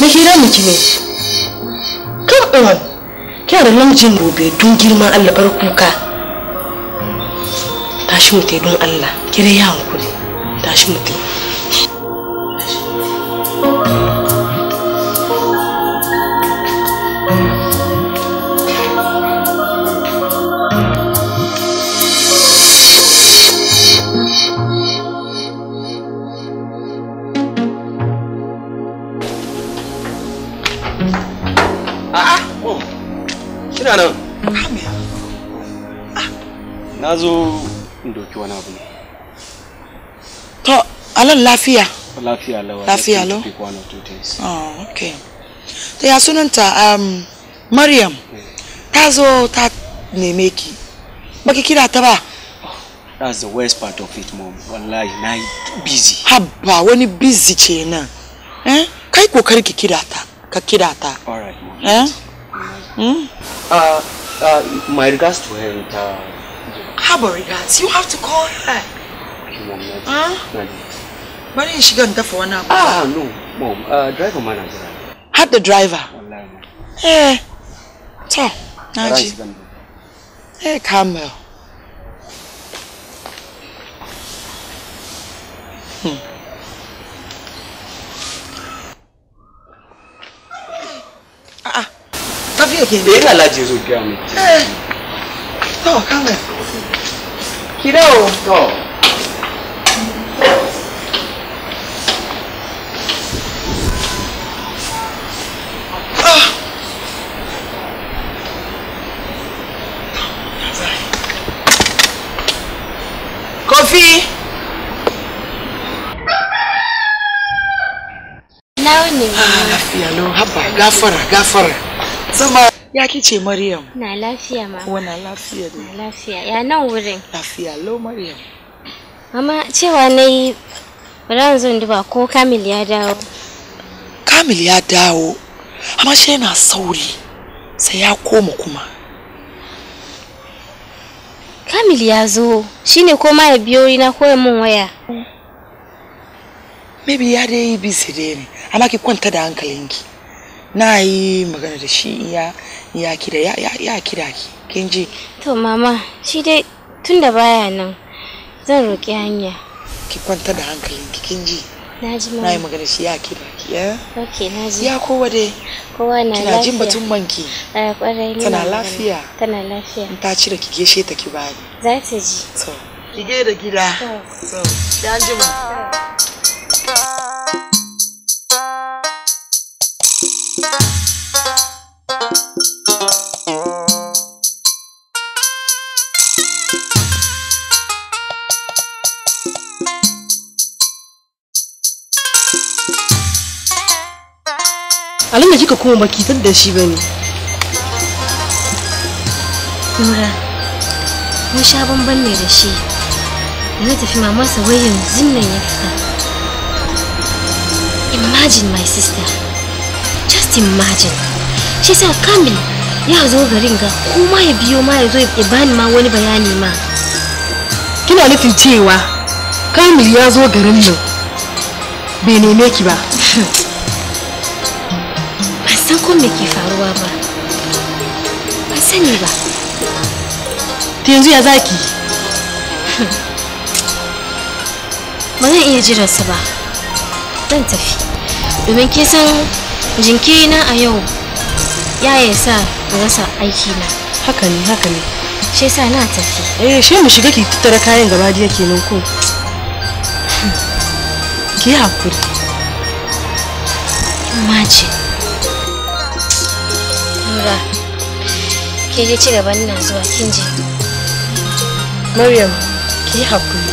Mahirani ki ne. Come on. Eh, Kina da namijin gobe don girman Allah bar kuka. Tashi mutai don Allah. Kire ya hankuri. Tashi mutai. zo in doki wani abu ne to alal lafiya lafiya lawa lafiya lo. oh okay ta ya sunanta um, maryam hmm. ta zo ta neme ki baki kira ta ba oh, that's the worst part of it mom wallahi na busy habba wani busy ce na. eh kai kokari ki kira ta ka kira ta all right mom eh mm? uh, uh, my regards to her uh, Harbor regards. You have to call her. Mom, Nadia. Huh? Nadia. Why didn't she go there for one hour? Ah, no. Mom, uh, driver manager. Had the driver? Online. Eh. So, Naji. Eh, Campbell. Hmm. Ah, ah. Have you again? Yeah, I like you so, No, come here. Tiro. Ah. Coffee. Now, Nick. Ah, no, Gafara, Gafara. Ya kice Maryam? Na lafiya ma. na lafiya da? Na lafiya. Ya nan wurin? Lafiya lo Maryam. Mama cewa na yi bari zan duba ko Kamil ya dawo. Kamil ya dawo. Amma shi yana sauri. Sai ya koma kuma. Kamil ya zo. Shine ko ma ya biyo na ko ya mun waya. Maybe ya dai busy dai ne. Amma ki kwanta da hankalinki. na yi magana da shi ya ya kira ya ya kira ki kin ji to mama shi dai tun da baya nan zan roki hanya ki kwanta da hankalin ki kin ji na ji na yi magana shi ya kira ki ya okay na ji ya kowa dai kowa na lafiya kina jin batun manki eh kwarai ne tana lafiya tana lafiya ta ci da ki geshe ta ki bani za ta ji to ki ge da gida to dan ji mu alin da kika koma baki san da shi bane Nura mun sha bamban ne da shi na tafi mamarsa wai yanzu nan ya fita imagine my sister just imagine shi sa kamil ya zo garin ga kuma ya biyo ma ya zo ya bani ma wani bayani ma kina nufin cewa kamil ya zo garin nan bai neme ki ba san ko me ke faruwa ba ban sani ba ta yanzu ya zaki ba zan iya jiransa ba zan tafi domin ke san na a yau ya yi sa rasa aiki na haka ne haka ne shi sa na tafi eh shi mu shiga ki tattara kayan gaba jiya kenan ko ki hakuri ke ya ci gaba ina zuwa kin je. maryam ki hakuri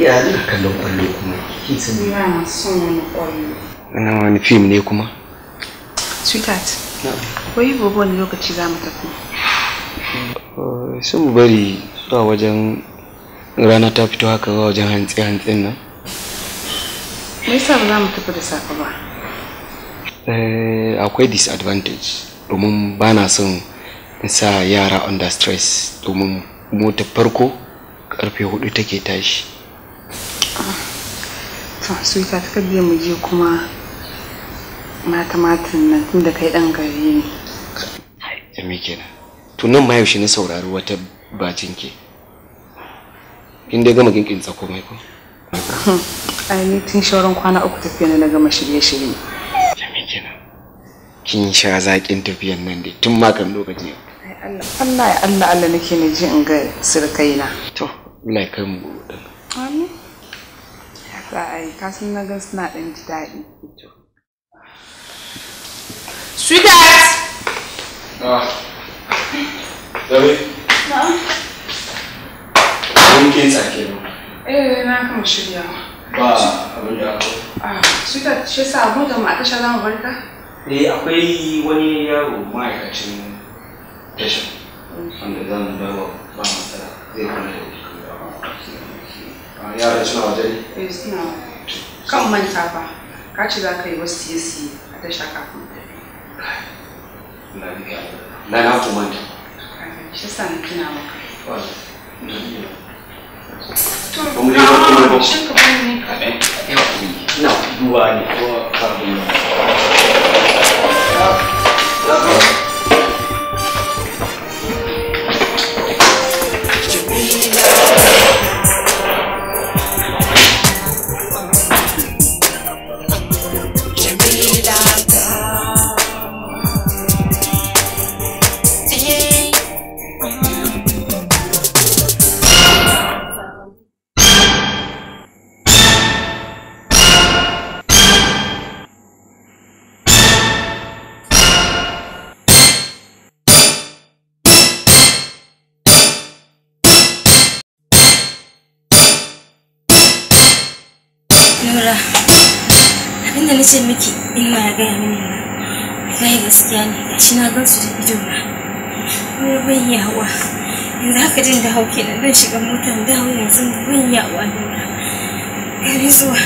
kallon kuma kin yana wani ana wani fim ne kuma sweetheart wai gobe wani lokaci za mu tafi kawai eh, su mu bari zuwa wajen rana ta fito haka zuwa wajen hantsi hantsin nan me yasa ba za mu tafi da safe ba eh, akwai disadvantage domin ba na son in sa yara under stress domin mota farko karfe hudu take tashi ah, to su k'a ta kaje mu je kuma mata matan nan da kai dan gari ne ya me kenan tunan ma yaushe na saurari wata bacin ke in dai gama ginkin tsako mai ko a ni tun shauran kwana uku tafiya na gama shirye shirye jami kina kin sha zakin tafiyan nan dai tun ma kan lokaci Allah ya Allah Allah nake ne ji in ga sirkaina to Ina kai mu gobe amin ya ai ka san na ga suna dan ji daɗi Sweetheart! Ah. Zabe? Na'am. Mun ke tsake ba. Eh na kama shirya. Ba abin da aka. Ah, suka ce sa abu da mata sha zama barka? Eh akwai wani yaro ma'aikacin tasha wanda zan dawo ba matsala zai kwana da wuri. Yaran suna waje? Eh suna. Kan manta ba. Ka ce za ka yi wasu siye-siye a tasha kafin. Na biya. ndani na hapo mwanzo. Sasa nikina hapo. Tunaomba. Tunaomba. ce miki in ma ya gaya mini ba yi gaskiya ne shi na gan su da ido na wai ban yawa yanzu haka jin da hauke da dan shiga motar dawo yanzu ban yawa ne gari zuwa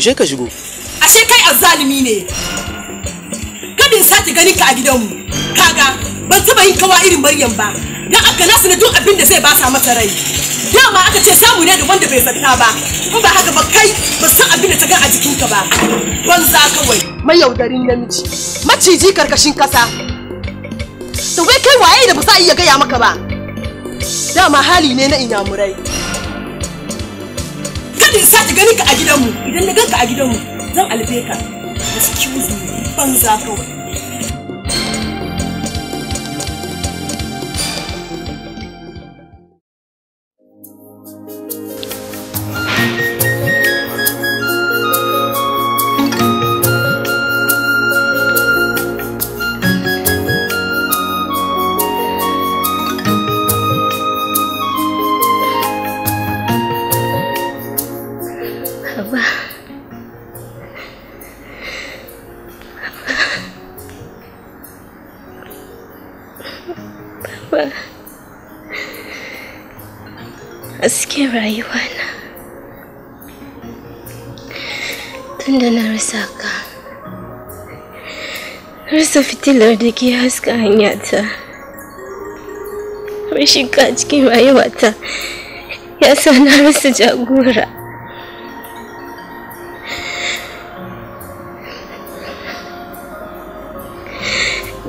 Ishe ka shigo ashe kai azzalimi ne kadin sake ganin ka a gidanmu kaga ban taba yin kawa irin maryam ba Na aka nasu na duk abin da zai ba sa masa rai dama aka ce samu ne da wanda bai zata ba ko ba haka ba kai ba san abin da ta ga a jikinka ba banza kawai mai yaudarin namiji maciji karkashin kasa to wai kai waye da ba sa iya gaya maka ba dama hali ne na inyamurai ka a gidanmu idan na ganka a gidanmu zan alfe ka excuse me banza kawai rasa fitilar da ke haska hanyata rashinka cikin rayuwata ya sa na rasa jagora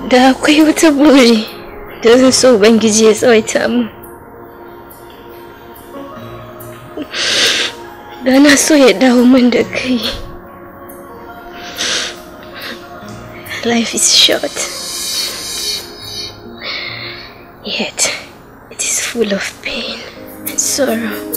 da akwai wata buri da zan so ubangiji ya tsawaita mu da na so ya dawo min da kai Life is short. Yet, it is full of pain and sorrow.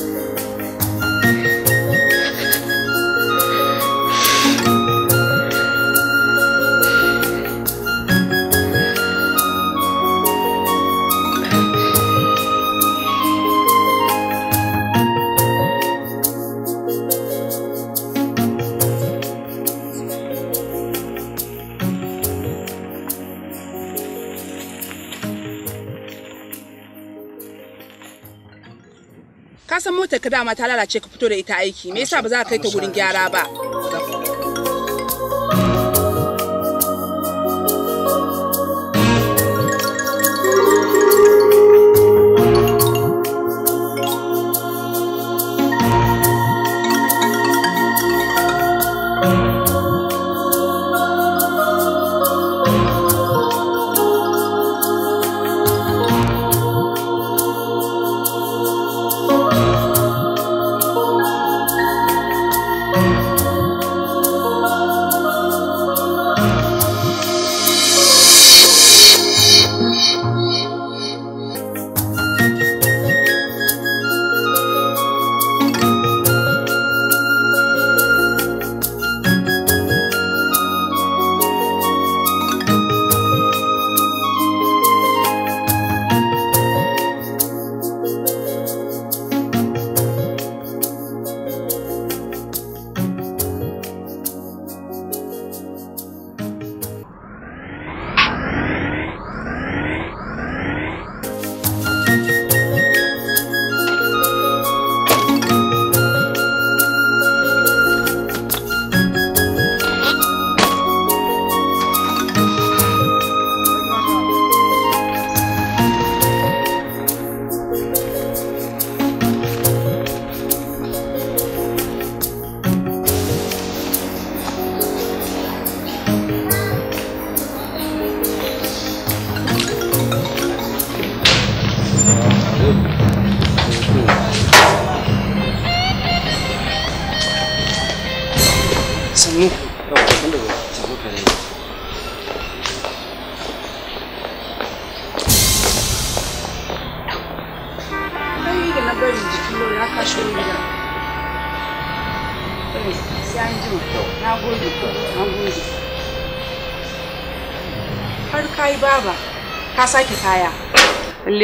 san motar ka dama ta lalace ka fito da ita aiki me yasa ba za ka kai ta gurin gyara ba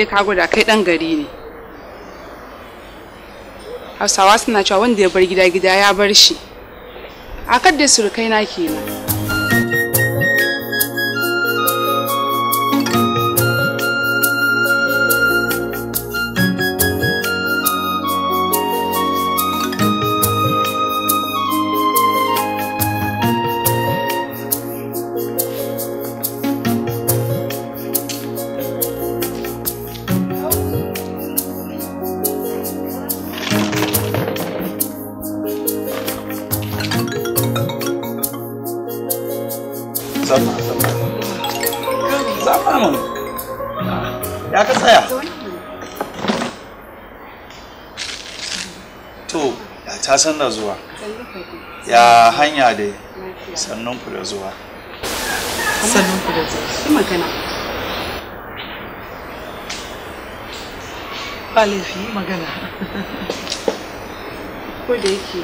dai ka gwada kai dan gari ne hausawa suna cewa wanda ya bar gida gida ya bar shi a kadda surukai na kenan san na zuwa ya hanya da sannan ku da zuwa sannan ku da zuwa shi magana ba magana ko da yake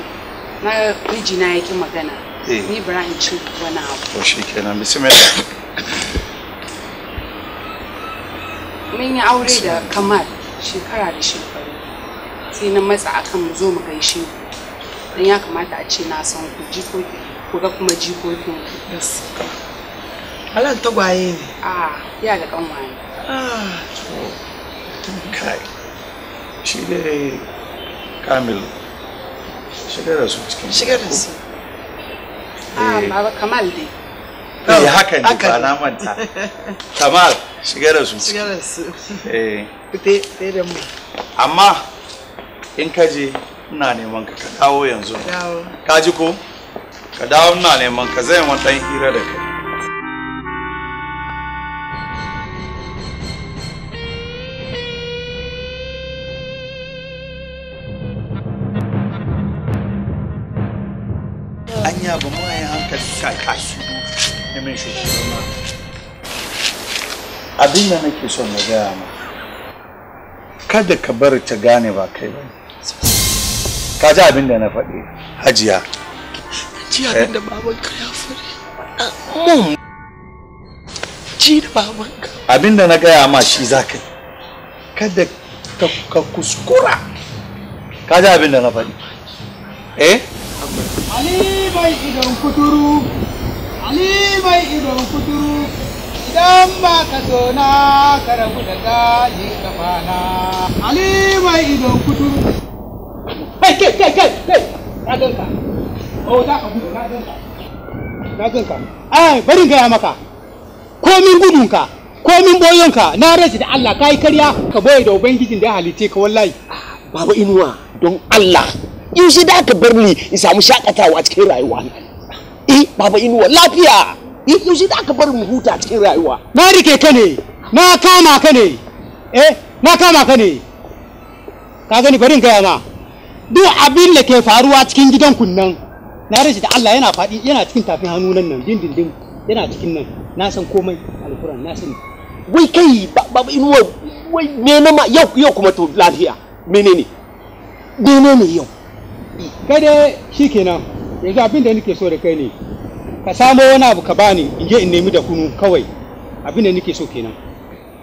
na mijina yake magana eh. ni bara in ci wani abu to shi kenan bismillah mun yi aure da kamar shekara da shekaru sai na matsa akan mu zo mu gaishe ku don ya kamata a ce na san ku jikoki ku ga kuma jikokin ku halan tagwaye ne a ya da kanwaye ah to kai shi ne kamil shigar da su cikin shigar da su a eh. baba kamal dai Eh haka ne ba na manta. Kamal shigar da su. Shigar da su. Eh. Fite da mu. Amma in ka je ina neman ka ka dawo yanzu ka ji ko ka dawo ina neman ka zai wata hira da kai anya ba mu yi hankali ka kasu ne min shi shi ma abin da nake son na gaya ma kada ka bar ta gane ba kai ba ka ji abin da na faɗi hajiya ji abin da babanka ya faɗi mun ji da babanka abin da na gaya ma shi za ka yi kada ka kuskura ka ji abin da na faɗi eh Ali mai idon kuturu Ali mai idon kuturu idan ba ka so na ka rabu da ka kafana Ali mai idon kuturu kai kai kai kai kai na ganka oh za ka gudu bari gaya maka komin gudunka komin boyonka na rashi da Allah kai kariya ka boye da ubangijin da halitte ka wallahi baba inuwa don Allah yaushe da ka bar ni in samu shakatawa cikin rayuwa eh baba inuwa lafiya eh, yaushe da ka bar mu huta cikin rayuwa na rike ka ne na kama ka ne eh na kama ka ne ka gani bari in gaya ma duk abin da ke faruwa cikin gidan kunnan na rashi da Allah yana faɗi yana cikin tafin hannu nan nan din din yana cikin nan na san komai alquran na san wai kai ba inuwa wai me ma yau yau kuma to lafiya menene menene yau kai dai shikenan yanzu abin da nake so da kai ne ka samo wani abu ka bani in je in nemi da kunu kawai abin da nake so kenan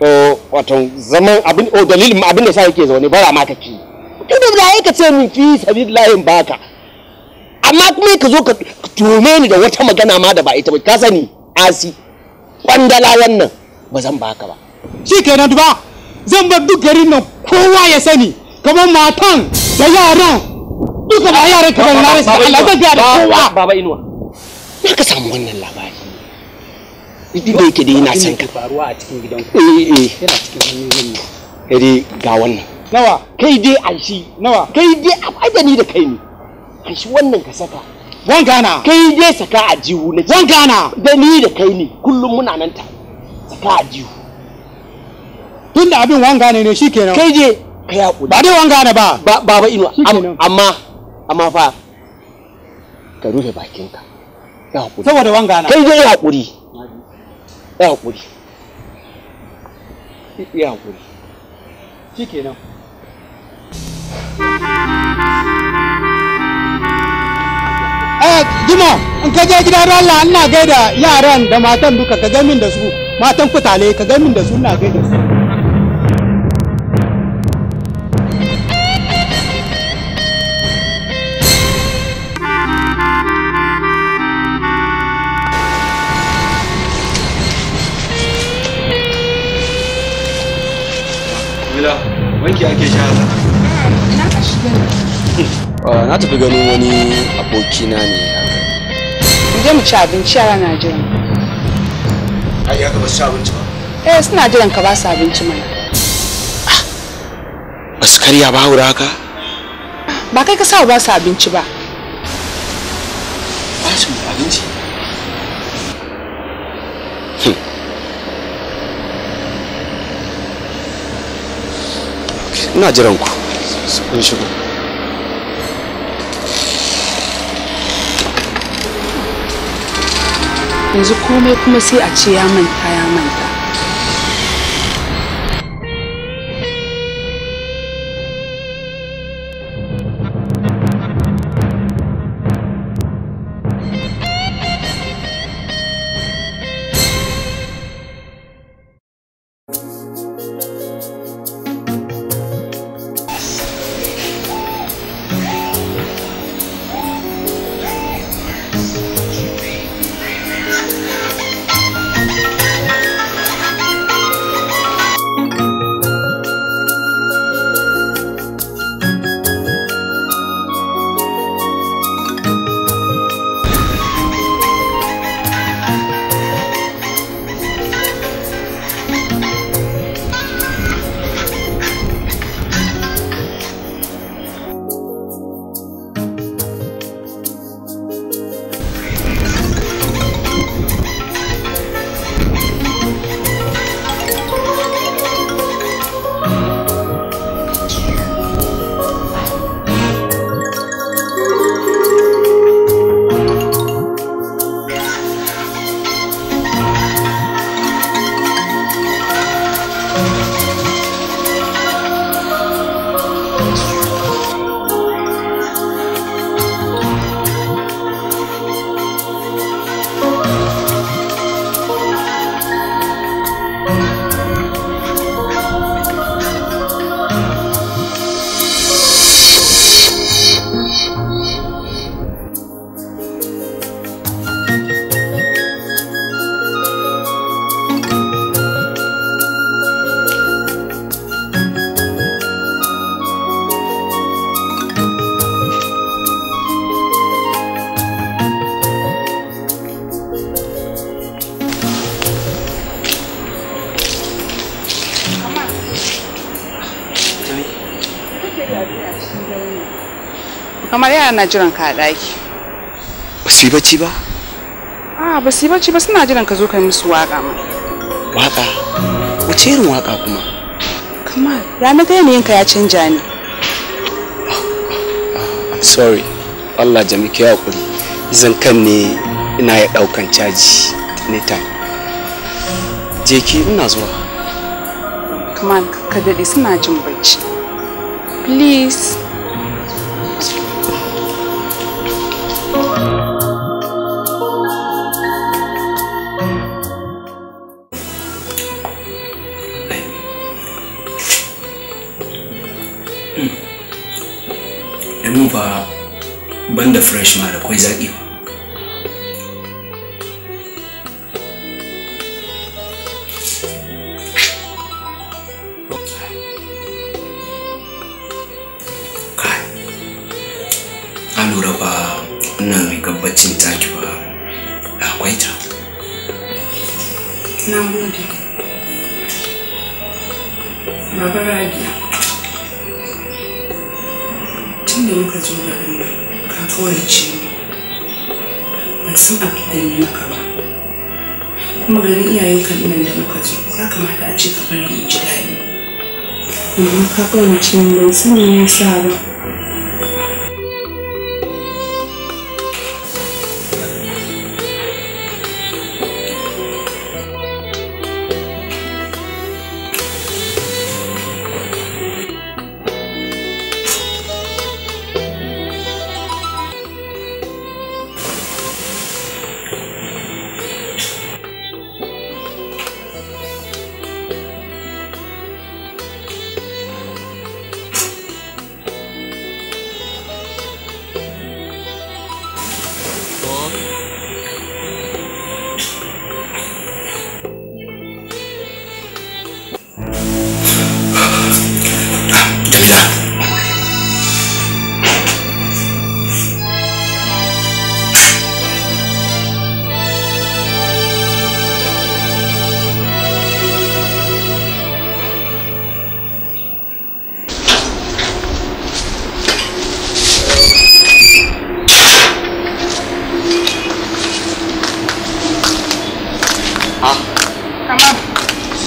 oh, wato zaman abin o oh, dalilin abin da sa yake zaune bara ma kake inda da ka ce min fi sabillahi baka amma kuma ka zo ka tome ni da wata magana ma da ba ita ba ka sani asi kwandala wannan ba zan baka ba kenan duba zan bar duk garin nan kowa ya sani kamar matan da yaran duka ba yaran kamar na rasa Allah zan ga da kowa baba inuwa na ka samu wannan labari idan da yake da ina san ka faruwa a cikin gidan ku eh eh yana cikin hanyoyin ne eh ga wannan nawa kai dai a shi nawa kai dai a da ni da kai ne an shi wannan ka saka zan gana kai dai saka a jihu na zan gana da ni da kai ne kullum muna nan ta saka a jihu tun da abin wanga ne ne shikenan kai je ka hakuri ba dai wanga ne ba ba ba ino amma amma fa ka rufe bakinka ya hakuri saboda wanga na kai je ya hakuri ya hakuri ya hakuri kenan. Eh, jimo in ka je gidan Allah ina gaida yaran da matan duka ka gamin da su matan kutale ka gamin da su ina gaida su wanki ake shara Eh, na tafi ganin wani abokina ne mu mu ci abinci yara na jiran ai ya gaba ci abinci ba eh suna jiran ka ba su abinci mana ah, ba su karya ba haura haka ba kai ka sa ba su abinci ba ba su abinci hmm. ina jiran ku sun shigo yanzu komai kuma sai a ce ya manta kamar yara na jiran ka a ba su yi bacci ba a ba su yi bacci ba suna jiran ka zo ka musu waka ma waka wace irin waka kuma kamar gaya ga ka ya canja ne ah, ah, sorry Allah jami ki hakuri zan kan ne ina ya daukan caji ne ta je ki ina zuwa kamar ka dade suna jin bacci please Baba Rabi, muka zo garin ka Ban san garin iyayenka nan da muka zo ya kamata a ce ka bari mu ji daɗi. Amma ban san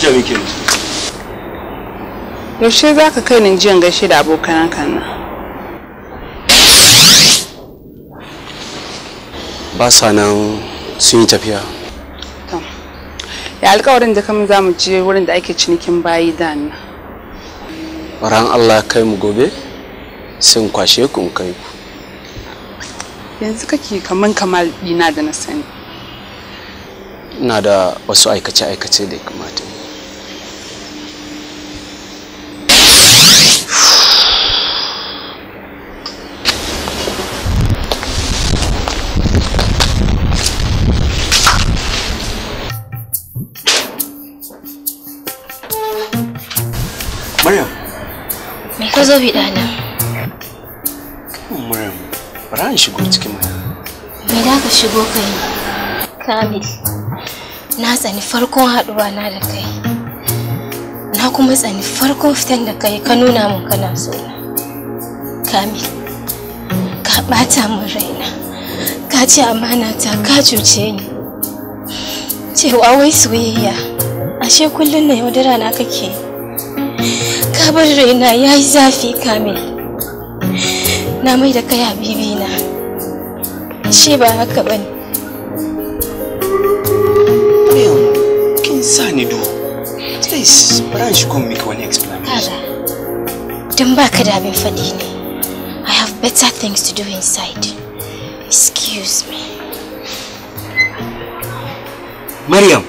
jami kenan yaushe za ka kai ni jiyan gaishe da abokan kan ba sa nan sun yi tafiya ya alkawarin da kamun za mu je wurin da ake cinikin bayi da nan ran allah kai mu gobe sun kwashe ku mu kai ku yanzu kake kaman kamar dina da na sani ina da wasu aikace-aikace da ya kamata zo shigo cikin mai. Me da ka shigo kai? Kamil, na tsani farkon haɗuwa da kai. Na kuma tsani farkon fitan da kai ka nuna mun kana so na. ka ɓata min raina. Ka ce amana ka cuce ni. Cewa wai soyayya, ashe kullum na yaudara na kake sabon raina ya yi zafi kamil na mai da kai habibina shi ba haka ba ne kin sa do please branch come make wani explanation don ba ka da abin faɗi ne i have better things to do inside excuse me Maryam.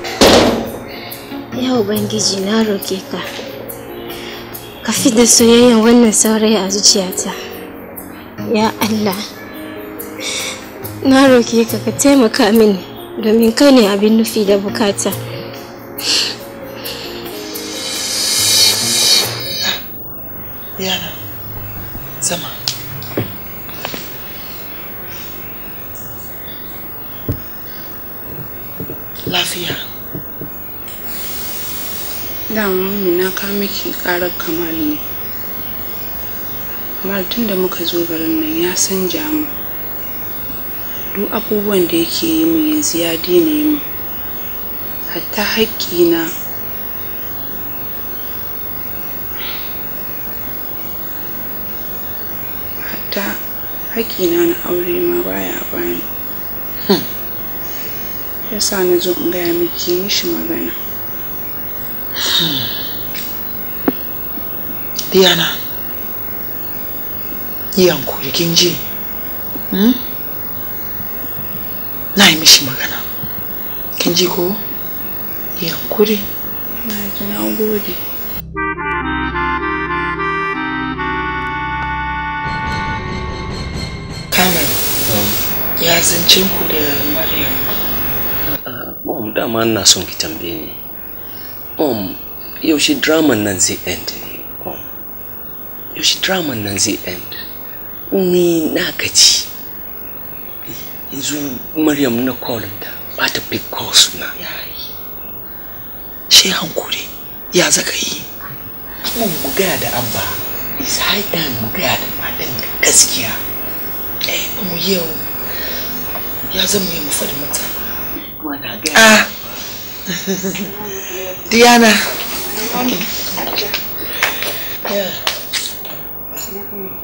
Ya Ubangiji na roke ka. ka fi da soyayyen wannan saurayi a zuciyata ya allah na roke ka ka taimaka min domin kai ne abin nufi da bukata kawo miki ƙarar kamal ne amma tun da muka zo garin nan ya san jamu duk abubuwan da yake yi mu yanzu ya daina yi mu hatta haƙƙina hatta haƙƙina na aure ma baya bani hmm. yasa na zo in gaya miki mishi magana hmm. yana yi hankuri kin ji hmm? na yi mishi magana kin ji ko yi hankuri na gode kamar hmm. ya zance ku da maryam um dama ina son ki tambaye ni um yaushe draman nan zai end ne yaushe draman nan zai end ni na gaji yanzu maryam na kwalinta ba ta pick calls na shi hankuri ya zaka yi mun buga gaya da abba is high time mu gaya da malam gaskiya eh mu yau ya zama yi mu mata kuma mana gaya ah diana yeah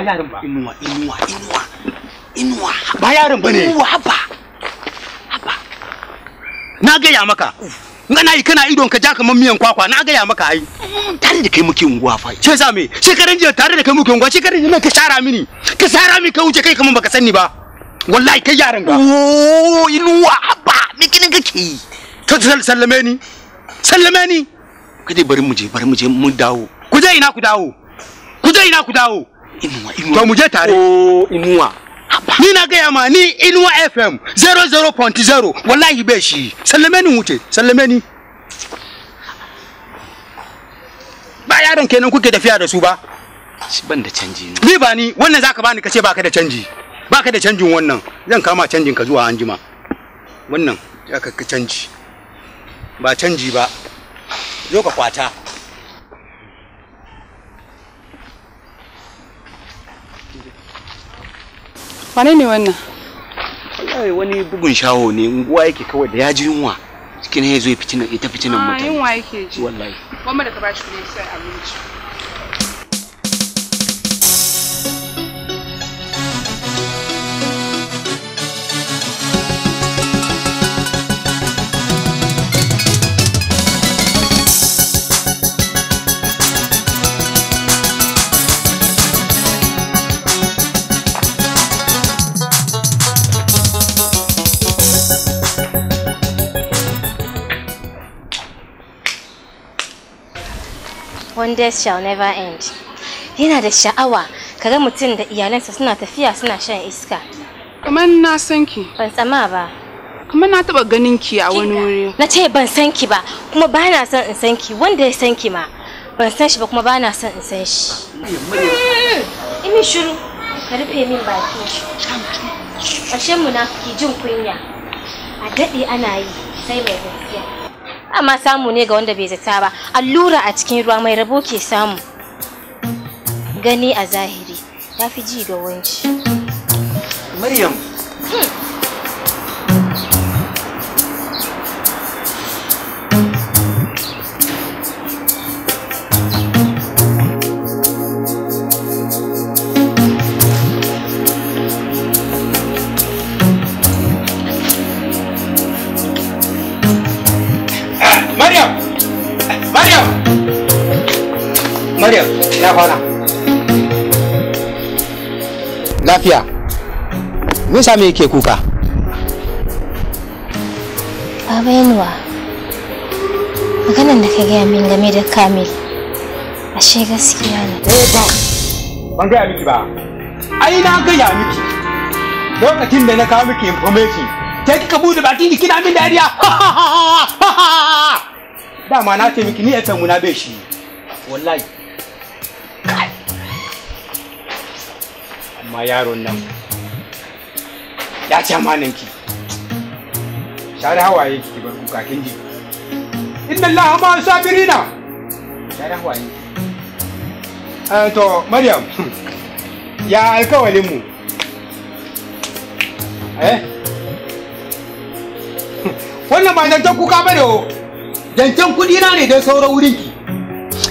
ga ba inuwa inuwa inuwa inuwa ba yarin ba ne inuwa haba haba na gaya maka ngana yi kana idon ka ja kaman miyan kwakwa na gaya maka ai mm, tare da kai muke unguwa fa ce sa me shekaran jiya tare da kai muke unguwa shekaran jiya ka shara mini ka shara mini ka wuce kai kaman baka sani ba wallahi kai yaran ga oh inuwa ba me kinin kake yi to sallame ni sallame ni kaje bari mu je bari mu je mu dawo ku je ina ku dawo ku je ina ku dawo inuwa inuwa to mu je tare oh inuwa ni na gaya ma ni inuwa fm 00.0 wallahi bai shi sallame ni wuce sallame ni ba yaron kenan kuke tafiya da su ba ban da canji ni ba ni wannan zaka bani kace baka da canji baka da canjin wannan zan kama canjin ka zuwa anjima wannan ya ka canji ba canji ba zo ka kwata wane ne wannan wallahi wani bugun shaho ne unguwa yake kawai da yaji yunwa cikin ya zo ya fitina ita fitinan ah, mutane yunwa yake ji wallahi kuma da ka bashi kuma sai abinci wonders shall never end yana da sha'awa kaga mutum da iyalansa suna tafiya suna shan iska kamar na san ki ban tsama ba kuma na taba ganin ki a wani wuri na ce ban san ki ba kuma ba na son in san ki wanda ya san ki ma ban san shi ba kuma ba na son in san shi imi shiru ka rufe min baki ashe munafiki jin kunya a daɗe ana yi sai mai gaskiya amma samu ne ga wanda bai zata ba allura a cikin ruwa mai rabo ke samu gani a zahiri ya fi ji ga wanci maryam hmm. lafiya lafiya me sa me yake kuka baba yanuwa maganan da ka gaya min game da kamil ashe gaskiya ne eh ba ban gaya miki ba ai na gaya miki lokacin da na kawo miki information sai kika bude bakin ki kina min dariya dama na ce miki ni ya muna bai shi wallahi amma yaron nan ya ci amananki share hawaye ki bar kuka kin ji inna allaha ma sabirina share hawaye eh to maryam ya alkawalin mu eh wannan ba dan kuka ba ne zancen kudi na ne don sauran wurinki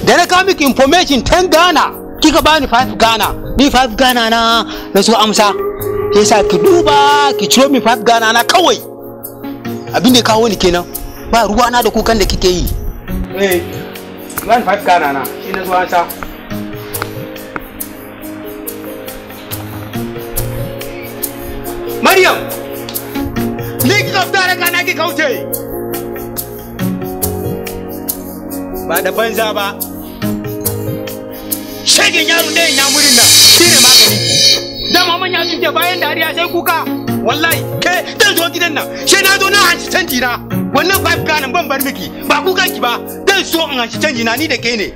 da na ka miki information 10 ghana ni ka bani five Ghana ni five Ghana na na so amsa yasa ki duba ki ciro mi five Ghana na kawai abin da kawo ni kenan ba ruwa na da kukan da kike yi eh man 5 Ghana na shi na so amsa ba da banza ba shegen yaron da ya murin nan shi ne magani dama manya sun ce bayan dariya sai kuka wallahi ke zan zo gidan nan she na zo na hanci canji na wannan five kanan ban bar miki ba kuka ki ba zan so in hanci canji na ni da ke ne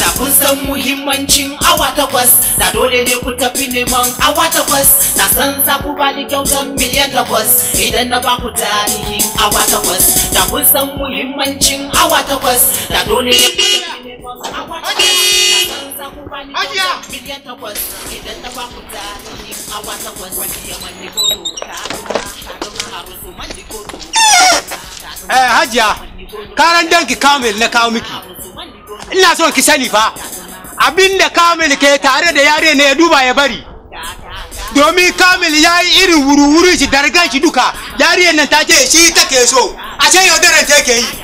da kun san muhimmancin awa takwas da dole ne ku tafi neman awa takwas na san za ku ba ni kyautar miliyan takwas idan na ba ku tarihin awa takwas da kun san muhimmancin awa takwas da dole ne ku tafi Miliyan takwas idan ta ba ku ta awa takwas ya goro ta haru su goro Eh Hajiya, karan danki Kamil na kawo miki. Ina son ki sani fa, abinda Kamil ke tare da yare ne ya duba ya bari. Domin Kamil ya yi irin wuri-wuri shi dargan shi duka, yare nan ta ce shi take so, a can yaudaran take yi.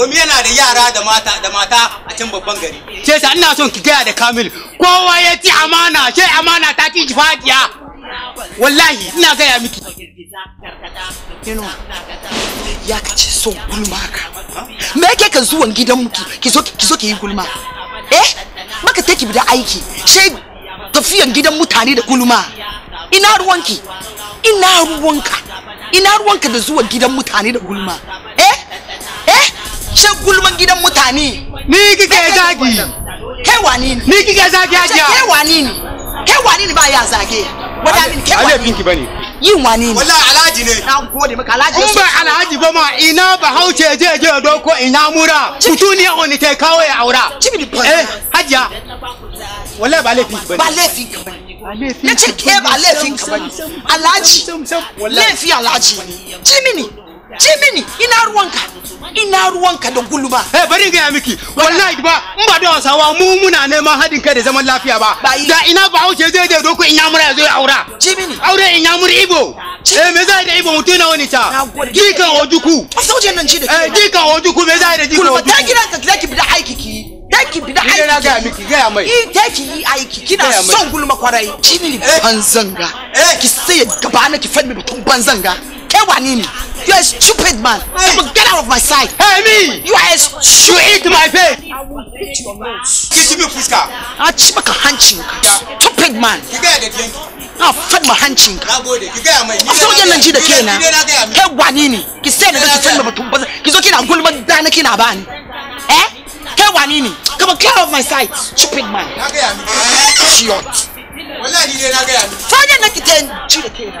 domin yana da yara da mata da mata a can babban gari ce sa ina son ki gaya da kamil kowa ya ci amana sai amana ta ci fadiya wallahi ina gaya miki ya kace son gulma ka me yake ka zuwan gidan mu ki zo ki zo ki yi gulma eh baka take bi da aiki sai tafiyan gidan mutane da gulma ina ruwanki ina ruwanka ina ruwanka da zuwan gidan mutane da gulma ce gulman gidan mutane ni kike zagi kai wani ne ni kike zagi hajiya kai wani ne kai wani ne ba ya zage wala min kai wani binki bane yin wani ne wallahi alhaji ne na gode maka alhaji in ba alhaji ba ma ina ba hauce je je doko ina mura mutuniya wani kai kawo ya aura eh hajiya wallahi ba laifin bane ba laifin ne. ya ce ke ba laifin ka bane alhaji laifin alhaji jimini jimini mini ina ruwanka ina ruwanka da gulma eh bari ga miki wallahi ba in ba da wasawa mu muna neman hadin kai da zaman lafiya ba da ina ba hauce zai da doko ina mura zai aura ji mini aure ina mura ibo eh me zai da ibo mutuna wani ta jika ojuku sauje nan ji da eh jika ojuku me zai da jika ojuku ta gidan ka zaki bi da aiki ki daki bi da aiki ina ga miki ga mai i take eh, yi aiki kina son gulma kwarai eh. ji mini banzanga eh ki sai gaba na ki fadi mutum banzanga Kewanini. You're a stupid man. Hey. So get out of my sight. Hey, me! You are a You eat my face! I will beat your nose. Kichibu Fuska. I'll chip a hanchin. Stupid man. You got it, I'll fed my hunching. I'll go there. You got my. I'm so young and you can't. Kewanini. He said that you tell me about He's okay. I'm going Eh? Kewanini. Come on, get out of my sight. Stupid man. Idiot. Fire na kitan. Chile kina.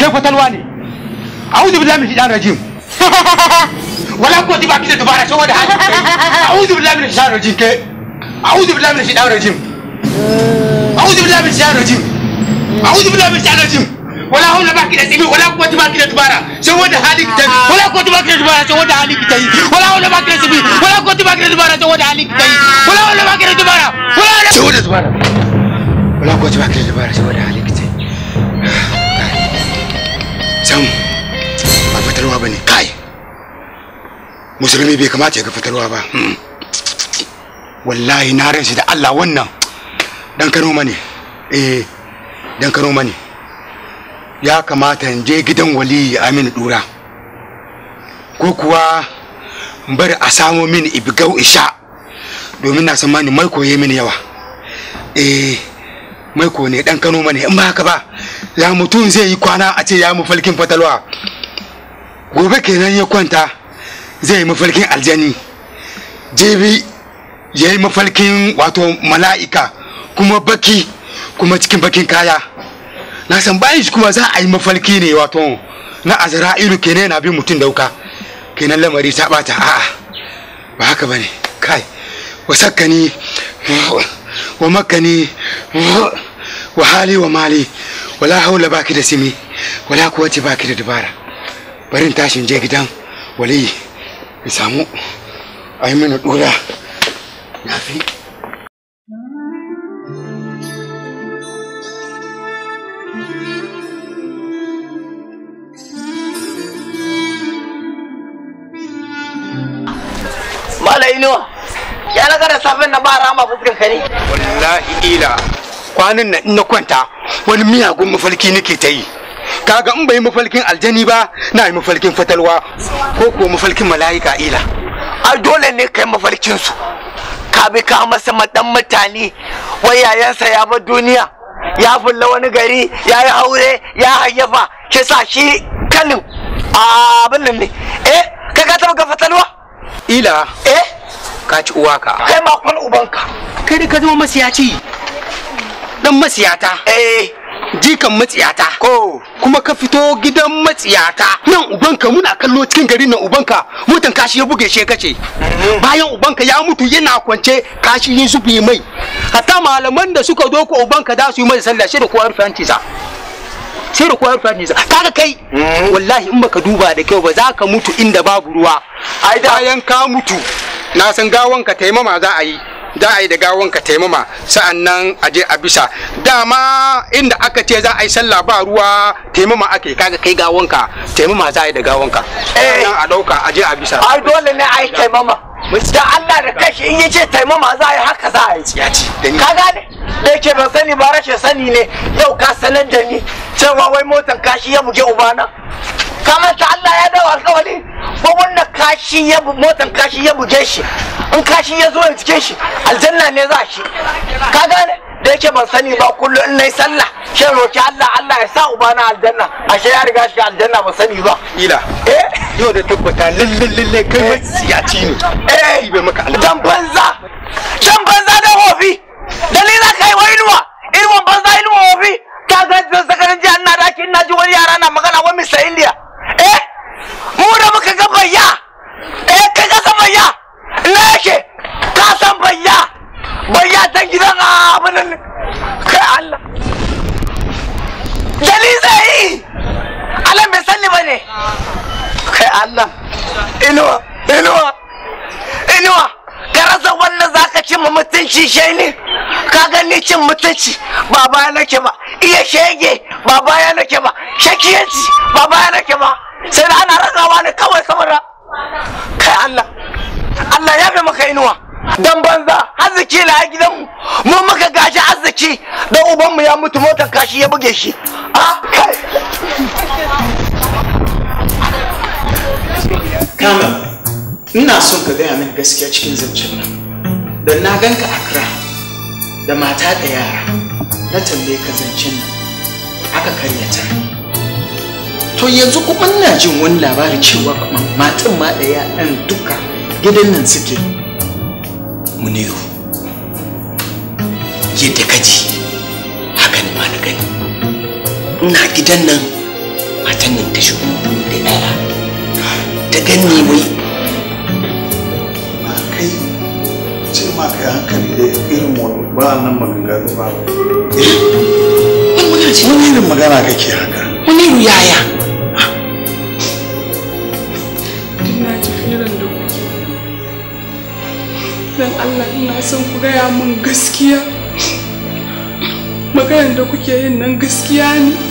sai kwatalwa ne a'udhu billahi min shaitanir rajim wala ko diba kike dubara saboda hali a'udhu billahi min shaitanir rajim ke a'udhu billahi min shaitanir rajim a'udhu billahi min shaitanir rajim a'udhu billahi min shaitanir rajim wala haula baki da tsimi wala kuwa baki da dubara sai wanda hali ki tayi wala kuwa baki da dubara sai wanda hali ki tayi wala haula baki da tsimi wala kuwa baki da dubara sai wanda hali ki tayi wala haula baki da dubara wala sai wanda dubara wala kuwa baki da dubara sai wanda hali can ba fitarwa ba ne kai musulmi bai kamata ya ga fitarwa ba hmm. wallahi na ran shi da Allah wannan dan kano mane eh dan kano mane ya kamata in je gidan waliyi Aminu Dura ko kuwa bari a samo mini ibigau isha domin na san mani maiko mini yawa eh maiko ne dan kano mane in ba haka ba ya mutum zai yi kwana a ce ya mafalkin fatalwa gobe kenan ya kwanta zai yi mafalkin aljani jibi ya yi mafalkin wato mala'ika kuma baki kuma cikin bakin kaya na san bayan shi kuma za a yi mafalki ne wato na azra'ilu kenan na bin mutum dauka kenan lamari ta bata a'a ba haka bane kai wasakani wa makani wa hali wa mali wala haula baki da simi wala kuwace baki da dubara barin tashin je gidan wali in samu a yi mini dora na fi ya na gara safin na ba rama fuskan ka ne? Wallahi ila, kwanan na ina kwanta wani miyagun mafalki nake ta yi kaga in bai mafalkin aljani ba na yi mafalkin fatalwa ko ko mafalkin mala'ika ila a dole ne kai mafalkin su ka bi ka masa madan mutane wai ya bar duniya ya fulla wani gari ya yi aure ya hayyafa ke sa shi kalin abin nan ne eh kai ka taba ga fatalwa ila eh ka ci uwa ka kai ma kwal ubanka kai da ka zama masiyaci dan matsiyata, eh. jikan matsiyata ko kuma ka fito gidan matsiyata nan ubanka muna kallo cikin garin nan ubanka mutan kashi ya buge shi kace mm. bayan ubanka ya mutu yana kwance kashi yin zubi mai hatta malaman da suka doko ubanka da su yi mai sallah shi da kowa rufe sa sai da kowa rufe kaga kai mm. wallahi in baka duba da kyau ba za ka mutu inda babu ruwa ai da bayan ka mutu na san gawanka taimama za a yi za a yi da gawon ka taimama nan a je a bisa dama inda aka ce za a yi sallah ba ruwa taimama ake kaga kai gawon ka taimama za a yi da gawon ka eh. a ɗauka a je a bisa ai dole ne a yi taimama da Allah da kashi in yace taimama za a yi haka za a yi ya ka gane da yake ban sani ba rashin sani ne yau ka sanar da ni cewa wai motan kashi ya buge ubana ka manta Allah ya dawo alƙawari ko wannan kashi ya motan kashi ya buge shi in kashi ya zo ya cike shi aljanna ne za shi ka gane da yake ban sani ba kullum in nayi sallah ke roki Allah Allah ya sa uba na aljanna ashe ya riga shi aljanna ba sani ba ila eh yau da tabbata lalle lalle kai ya ci ne eh bai maka aljanna dan banza tsaftaci ba baya nake ba iya shege ba baya nake ba shakiyanci ba baya nake ba sai da ana rasawa ne kawai saboda kai Allah Allah ya fi maka inuwa dan banza arziki na a gidan mu muka gashi arziki dan ubanmu ya mutu motar kashi ya buge shi a ah, kai ina son ka gaya min gaskiya cikin zancen nan da na ganka akra da mata da yara na tambaye ka zancen nan aka karyata to yanzu kuma ina jin wani labari cewa kuma matan ma da yaran duka gidan nan suke muniyo yadda ka ji hakan ma na gani ina gidan nan matan nan ta shigo da yara ta gani wai ce ma kai hankali da irin waɗannan maganganu ba eh? wani irin magana kake haka wani irin yaya ina tafiyaran da kuke don allah ina son ku gaya min gaskiya maganar da kuke yin nan gaskiya ne